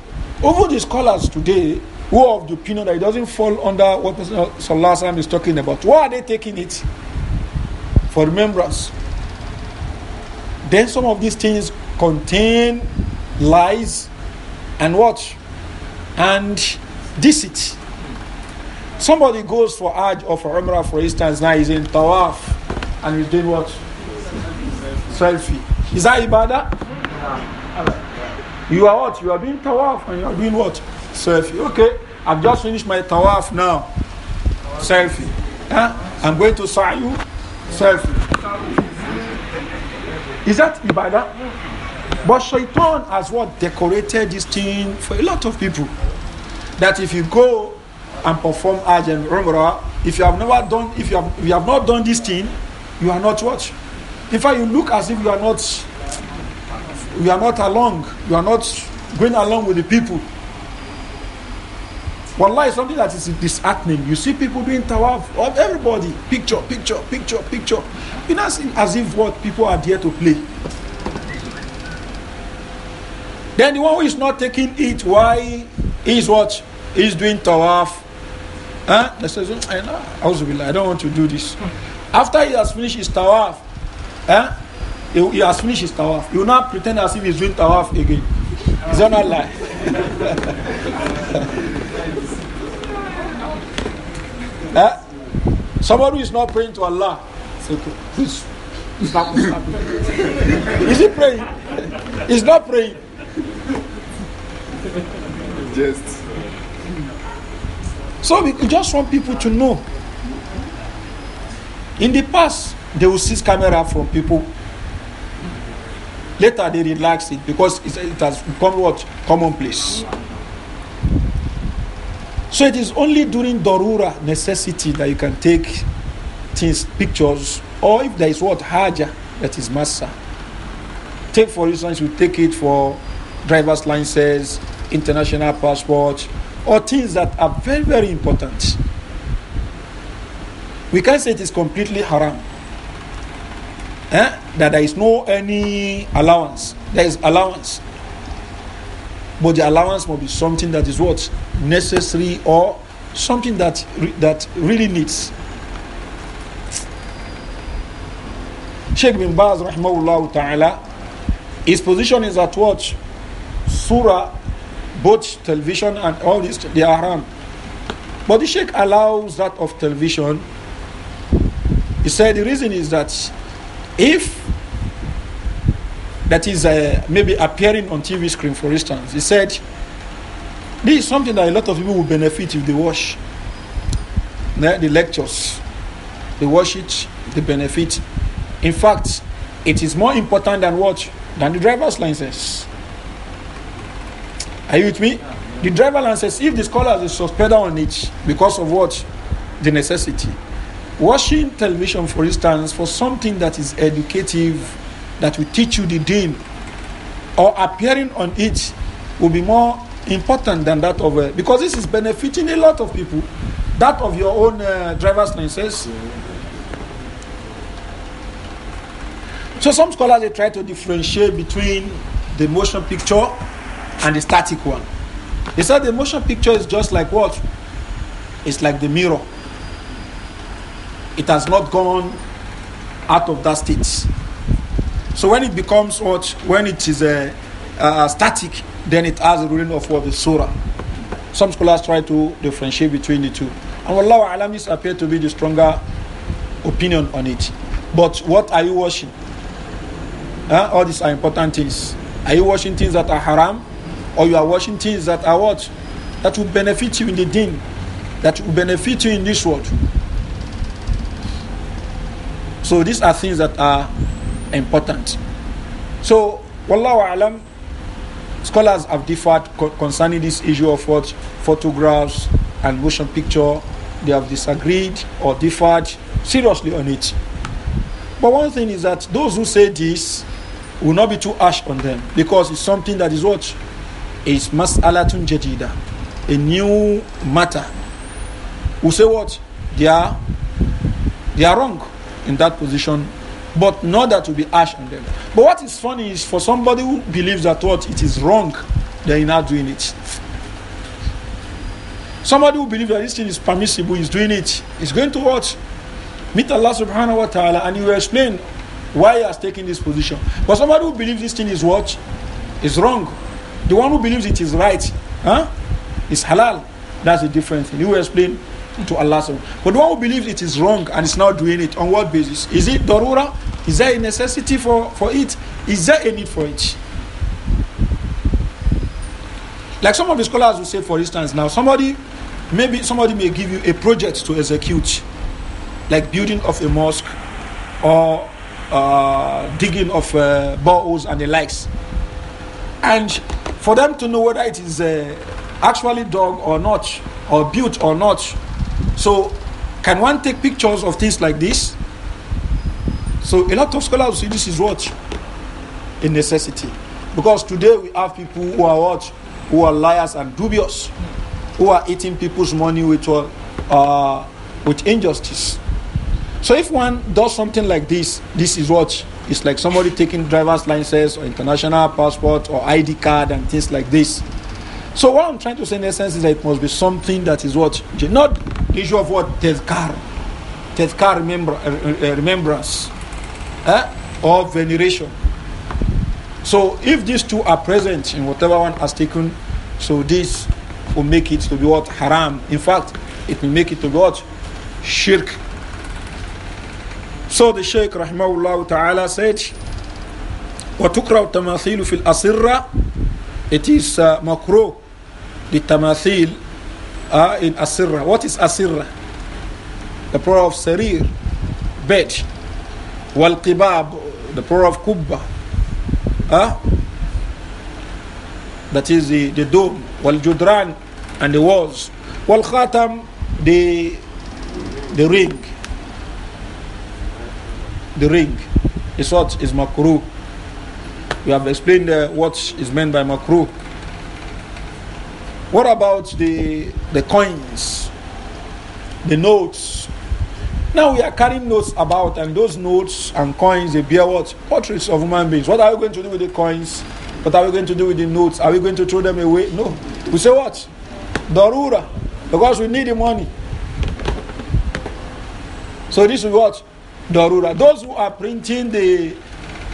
over the scholars today who of the opinion that it doesn't fall under what Sallallahu is talking about. Why are they taking it? For remembrance. Then some of these things contain lies and what? And deceit. Somebody goes for Hajj or for Umrah, for instance, now he's in Tawaf and he's doing what? Selfie. Is that Ibadah? You are what? You are doing Tawaf and you are doing what? selfie. Okay, I've just finished my tawaf now. Selfie. Huh? I'm going to you. Selfie. Is that Ibadah? But Shaitan has what decorated this thing for a lot of people. That if you go and perform Hajj and Umrah, if you have never done, if you have, if you have not done this thing, you are not what? In fact, you look as if you are not, you are not along, you are not going along with the people is something that is disheartening. You see people doing tawaf of everybody. Picture, picture, picture, picture. You know, as if what people are there to play. Then the one who is not taking it, why is what? He's doing tawaf. Huh? I know, I don't want to do this. After he has finished his tawaf, huh? he, he has finished his tawaf. You will not pretend as if he's doing tawaf again. Is that not lie? (laughs) Eh? Somebody who is not praying to Allah, please stop, is he praying? He's not praying. Just. So we just want people to know. In the past, they will seize camera from people. Later, they relax it because it has become what commonplace. So it is only during dorura necessity that you can take things, pictures, or if there is what haja that is massa. Take for instance, you take it for driver's licenses, international passport, or things that are very, very important. We can say it is completely haram. Eh? That there is no any allowance. There is allowance. But the allowance must be something that is what? Necessary or something that, that really needs. Sheikh bin Baz, rahmahullah ta'ala, his position is that what? Surah, both television and all this, they are haram. But the Sheikh allows that of television. He said the reason is that if that is uh, maybe appearing on TV screen, for instance. He said, This is something that a lot of people will benefit if they watch the lectures. They watch it, they benefit. In fact, it is more important than what? Than the driver's license. Are you with me? The driver license, if the scholar is suspended on it because of what? The necessity. Watching television, for instance, for something that is educative that will teach you the deen or appearing on it will be more important than that of uh, because this is benefiting a lot of people that of your own uh, driver's license so some scholars they try to differentiate between the motion picture and the static one they said the motion picture is just like what it's like the mirror it has not gone out of that state so when it becomes what, when it is a, uh, a uh, static, then it has the ruling of what the surah. Some scholars try to differentiate between the two. And Allah Alam, this appear to be the stronger opinion on it. But what are you washing? Huh? All these are important things. Are you washing things that are haram? Or you are washing things that are what? That will benefit you in the din. That will benefit you in this world. So these are things that are important. So, Wallahu Alam, scholars have differed co concerning this issue of what photographs and motion picture. They have disagreed or differed seriously on it. But one thing is that those who say this will not be too harsh on them because it's something that is what is mas'alatun jadida, a new matter. We say what they are, they are wrong in that position but not that will be harsh on them. But what is funny is for somebody who believes that what it is wrong, they are not doing it. Somebody who believes that this thing is permissible is doing it. Is going to what? Meet Allah subhanahu wa ta'ala and he will explain why he has taken this position. But somebody who believes this thing is what? Is wrong. The one who believes it is right, huh? Is halal. That's a different thing. He will explain to Allah. But the one who believes it is wrong and is now doing it, on what basis? Is it darura? Is there a necessity for, for it? Is there a need for it? Like some of the scholars will say, for instance, now somebody, maybe somebody may give you a project to execute, like building of a mosque or uh, digging of uh, boreholes and the likes. And for them to know whether it is uh, actually dug or not, or built or not, so, can one take pictures of things like this? So, a lot of scholars say this is what? A necessity. Because today we have people who are what? Who are liars and dubious, who are eating people's money with, uh, uh with injustice. So if one does something like this, this is what it's like somebody taking driver's license or international passport or ID card and things like this. So what I'm trying to say in essence is that it must be something that is what not the issue of what tezkar, tezkar remember, uh, uh, remembrance, eh? or veneration. So if these two are present in whatever one has taken, so this will make it to be what haram. In fact, it will make it to be what shirk. So the Shaykh rahimahullah ta'ala said, وتكره التماثيل في الأسرة it is uh, makro the tamathil are in Asirra. What is Asirra? The plural of Sarir, bed. Wal Qibab, the plural of Kubba. Huh? That is the, the dome. Wal Judran, and the walls. Wal Khatam, the, the ring. The ring is what is makruh. We have explained uh, what is meant by makruh. What about the the coins, the notes? Now we are carrying notes about, and those notes and coins they bear what portraits of human beings. What are we going to do with the coins? What are we going to do with the notes? Are we going to throw them away? No. We say what? Darura, because we need the money. So this is what darura. Those who are printing the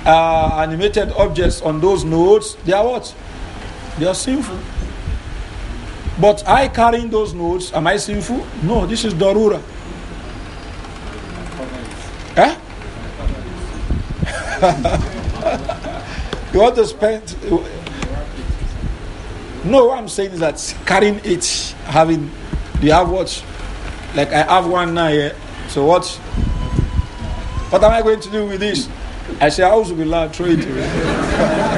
uh, animated objects on those notes, they are what? They are sinful. But I carrying those notes, am I sinful? No, this is Darura. Huh? Eh? (laughs) you want to spend. No, I'm saying is that carrying it, having. Do you have what? Like I have one now here. Yeah? So what? What am I going to do with this? I say, I will throw it (laughs)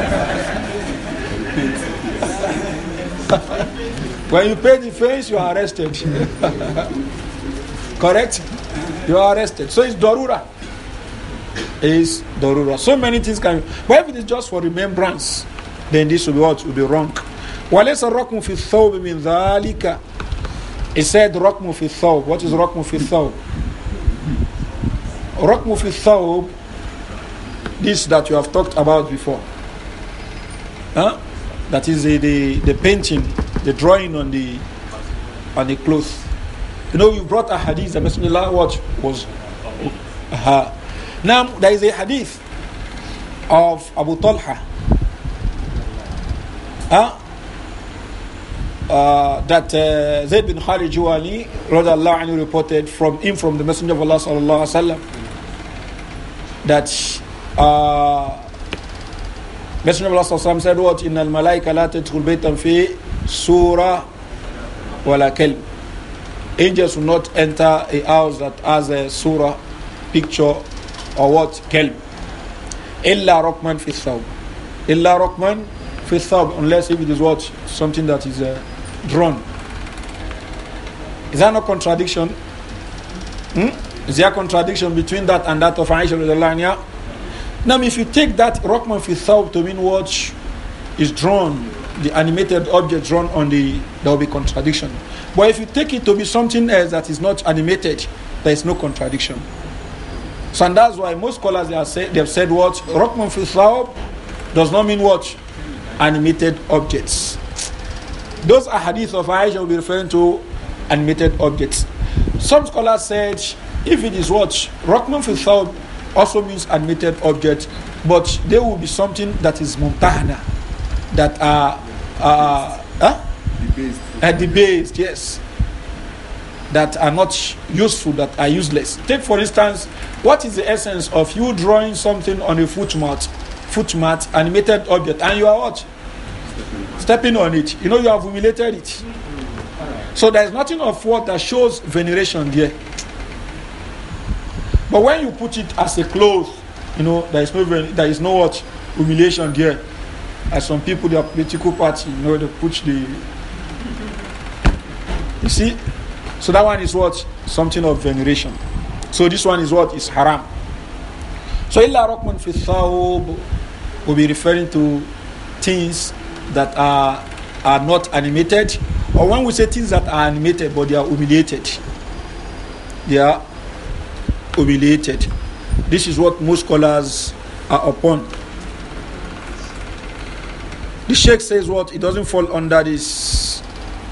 When you pay the fines, you are arrested. (laughs) Correct? You are arrested. So it's Dorura. It's Dorura. So many things can be. But if it is just for remembrance, then this will be what? Will be wrong. وليس الرقم في الثوب من It said rock في thawb. What is rock في thawb? Rock في thawb. This that you have talked about before huh? That is the, the, the painting, the drawing on the on the cloth. You know, you brought a hadith The Messenger what was. Uh, now there is a hadith of Abu Talha. Huh? Uh, that uh, Zayd bin Khalid Juwani radiallahu reported from him from the Messenger of Allah sallallahu alaihi wasallam that uh, Messenger of Allah said, What? In al malaika la tadkhul baytan fi surah walakel. Angels will not enter a house that has a surah, picture, or what? Kelb. Illa rockman fi thawb. Illa rockman fi thawb. Unless if it is what? Something that is uh, drawn. Is there no contradiction? Hmm? Is there a contradiction between that and that of Aisha? Now, if you take that Rockman Fithal to mean is drawn, the animated object drawn on the, there will be contradiction. But if you take it to be something else that is not animated, there is no contradiction. So and that's why most scholars they, have said, they have said what Rockman Fithal does not mean what? Animated objects. Those ahadith of Aisha will be referring to animated objects. Some scholars said if it is what Rockman Fithal also means admitted object, but there will be something that is montana, that are uh, uh, debased. Uh, debased, yes, that are not useful, that are useless. Take for instance, what is the essence of you drawing something on a footmat, footmat animated object, and you are what? Stepping on it. You know you have humiliated it. So there is nothing of what that shows veneration there. But when you put it as a cloth, you know, there is no there is no what humiliation there. As some people, their political party, you know, they put the. You see, so that one is what something of veneration. So this one is what is haram. So illa rokman fi will be referring to things that are are not animated, or when we say things that are animated but they are humiliated, they are humiliated. This is what most scholars are upon. The Sheikh says what? It doesn't fall under this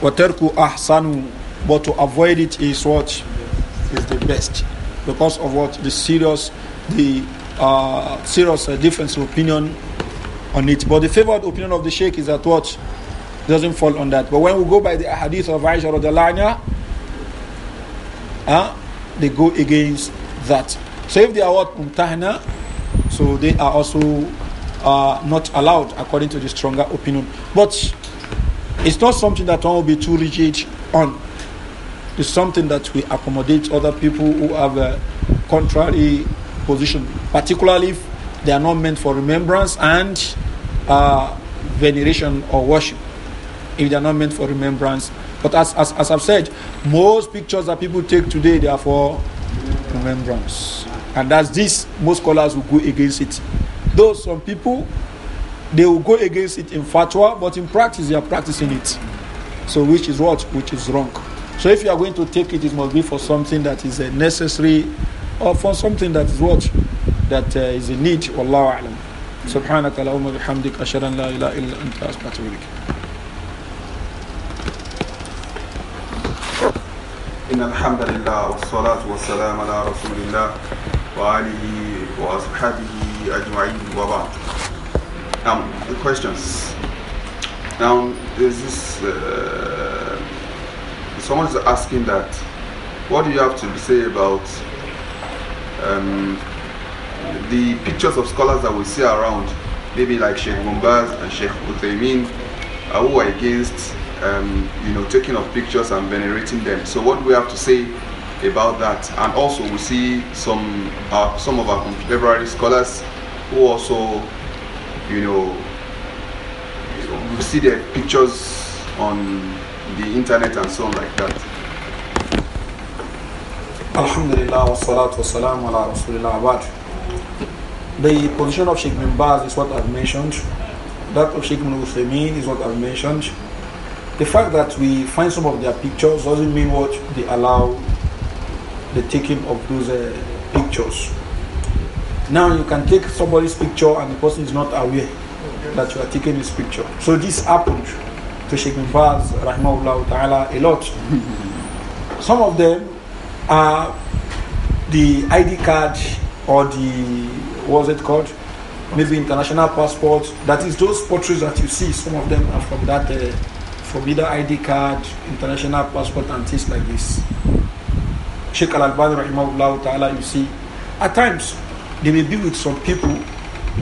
Waterku Ahsanu, but to avoid it is what is the best because of what the serious the uh, serious uh, difference of opinion on it. But the favored opinion of the Sheikh is that what doesn't fall on that. But when we go by the hadith of Aisha or Radhalanya, huh, they go against that. So if they are what so they are also uh, not allowed according to the stronger opinion. But it's not something that one will be too rigid on. It's something that we accommodate other people who have a contrary position, particularly if they are not meant for remembrance and uh, veneration or worship. If they are not meant for remembrance, but as, as, as I've said, most pictures that people take today, they are for remembrance. And that's this, most scholars will go against it. Though some people, they will go against it in fatwa, but in practice, they are practicing it. So, which is what? Which is wrong. So, if you are going to take it, it must be for something that is uh, necessary or for something that is what? That uh, is a need. Wallahu alam. Subhanaka اللهم إن الحمد لله والصلاة والسلام على رسول الله وآله وأصحابه أجمعين وبعد Now the questions. Now, there's this. Uh, someone's asking that. What do you have to say about um, the pictures of scholars that we see around, maybe like Sheikh Mumbaz and Sheikh Uthaymeen, who are against um, you know, taking of pictures and venerating them. So what we have to say about that, and also we see some uh, some of our contemporary scholars who also, you know, we see their pictures on the internet and so on like that. Alhamdulillah, wassalatu wassalamu ala rasulillah abad. The position of Sheikh bin is what I've mentioned. That of Sheikh bin Uthaymeen is what I've mentioned the fact that we find some of their pictures doesn't mean what they allow the taking of those uh, pictures. Now you can take somebody's picture and the person is not aware that you are taking this picture. So this happened to Sheikh bin Baz, now. ta'ala, a lot. (laughs) some of them are the ID card or the, what's it called? Maybe international passport. That is those portraits that you see, some of them are from that uh, for visa ID card, international passport, and things like this. Sheikh Al Albani, Ta'ala, you see, at times they may be with some people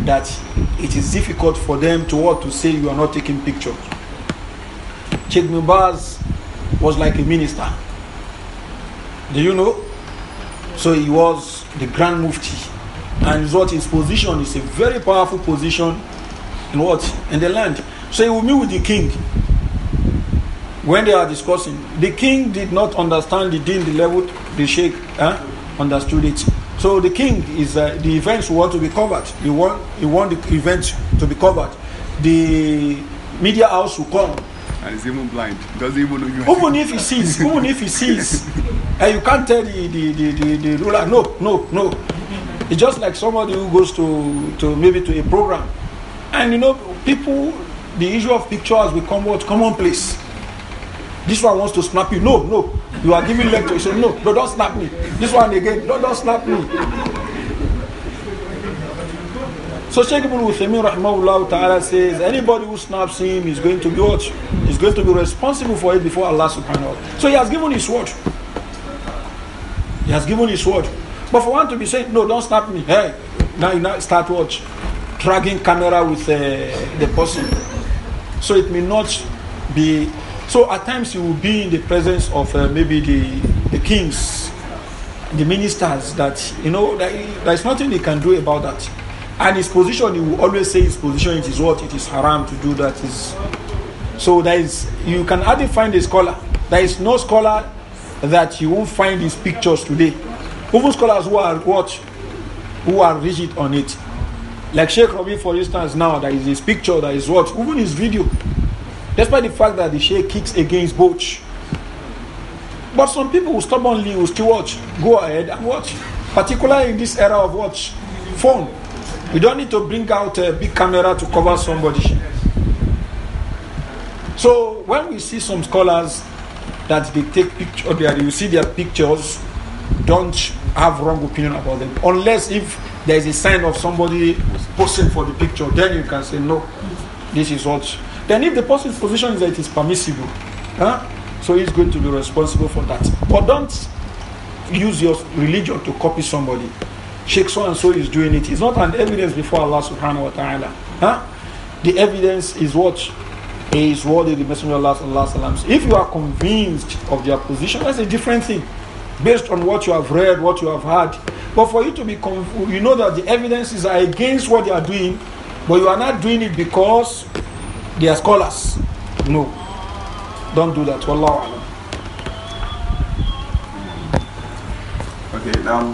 that it is difficult for them to what to say you are not taking pictures. Sheikh Mubaz was like a minister. Do you know? So he was the Grand Mufti. And what his position is a very powerful position in what? In the land. So he will meet with the king when they are discussing, the king did not understand the deen the level the sheikh eh, understood it. So the king is uh, the events want to be covered. He want he want the events to be covered. The media house will come. And he's even blind. Doesn't even know you. Even if he sees, (laughs) even if he sees, and eh, you can't tell the the, the, the, the ruler. No, no, no. It's just like somebody who goes to, to maybe to a program, and you know people. The issue of picture has become what commonplace this one wants to snap you. No, no. You are giving lecture. He said, no, no, don't snap me. This one again, no, don't snap me. So Sheikh Ibn Uthaymeen rahmahullah ta'ala says, anybody who snaps him is going to be what? Is going to be responsible for it before Allah subhanahu wa ta'ala. So he has given his word. He has given his word. But for one to be saying, no, don't snap me. Hey, now you now start watch. Dragging camera with uh, the person. So it may not be so at times you will be in the presence of uh, maybe the, the kings, the ministers that, you know, there's nothing they can do about that. And his position, he will always say his position, it is what? It is haram to do that. Is So there is, you can hardly find a scholar. There is no scholar that you won't find his pictures today. Even scholars who are what? Who are rigid on it. Like Sheikh Rabi, for instance, now there is his picture, there is what? Even his video Despite the fact that the Sheikh kicks against both. But some people will stubbornly will still watch, go ahead and watch. Particularly in this era of watch, phone. You don't need to bring out a big camera to cover somebody. So when we see some scholars that they take pictures, you see their pictures, don't have wrong opinion about them. Unless if there is a sign of somebody posing for the picture, then you can say no, this is what then if the person's position is that it is permissible, huh? so he's going to be responsible for that. But don't use your religion to copy somebody. Sheikh so and so is doing it. It's not an evidence before Allah subhanahu wa ta'ala. Huh? The evidence is what? Is what the Messenger of Allah sallallahu If you are convinced of their position, that's a different thing. Based on what you have read, what you have heard. But for you to be, you know that the evidences are against what they are doing, but you are not doing it because they are scholars. No. Don't do that. Wallahu Okay, now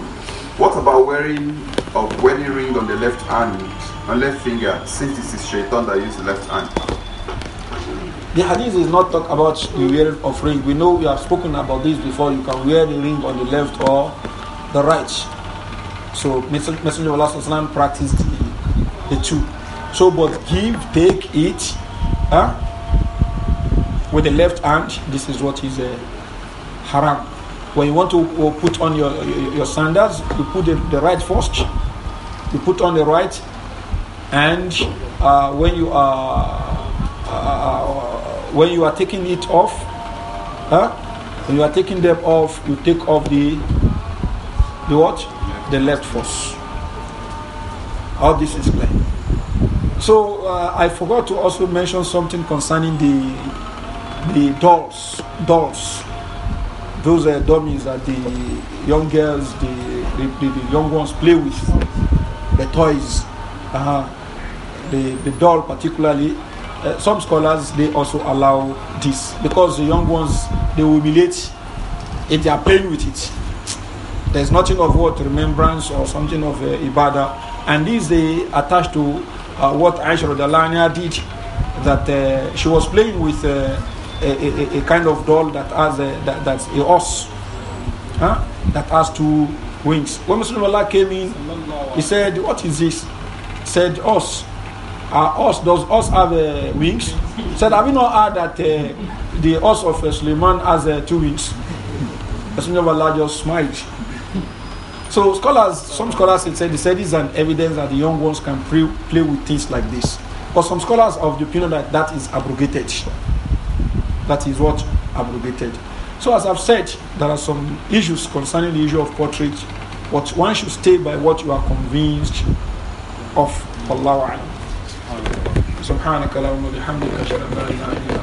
what about wearing of wedding ring on the left hand, on left finger, since this is shaitan that the left hand? The hadith is not talk about the wearing of ring. We know we have spoken about this before. You can wear the ring on the left or the right. So Messenger of Allah practiced the, the two. So but give, take, eat, Huh? With the left hand, this is what is a uh, haram. When you want to uh, put on your, your, your sandals, you put the, the right first. You put on the right, and uh, when you are uh, uh, when you are taking it off, huh? when you are taking them off, you take off the the what? The left first. All this is clear. So uh, I forgot to also mention something concerning the the dolls, dolls. Those are uh, dummies that the young girls, the the, the, the young ones play with, the toys, uh, the the doll particularly. Uh, some scholars they also allow this because the young ones they humiliate if they are playing with it. There's nothing of what remembrance or something of uh, ibadah, and these they attach to uh, what Aisha Radalania did, that uh, she was playing with uh, a, a, a, kind of doll that has a, uh, that, that's a horse, huh? that has two wings. When Muslim came in, he said, What is this? said, Horse. Uh, horse, does horse have uh, wings? said, Have you not heard that the horse of uh, Suleiman has two wings? Messenger Allah just smiled. So scholars, some scholars have said, they said this is an evidence that the young ones can play, play with things like this. But some scholars of the opinion that that is abrogated. That is what abrogated. So as I've said, there are some issues concerning the issue of portrait. But one should stay by what you are convinced of. Allah. سبحانك اللهم وبحمدك اشهد ان لا اله الا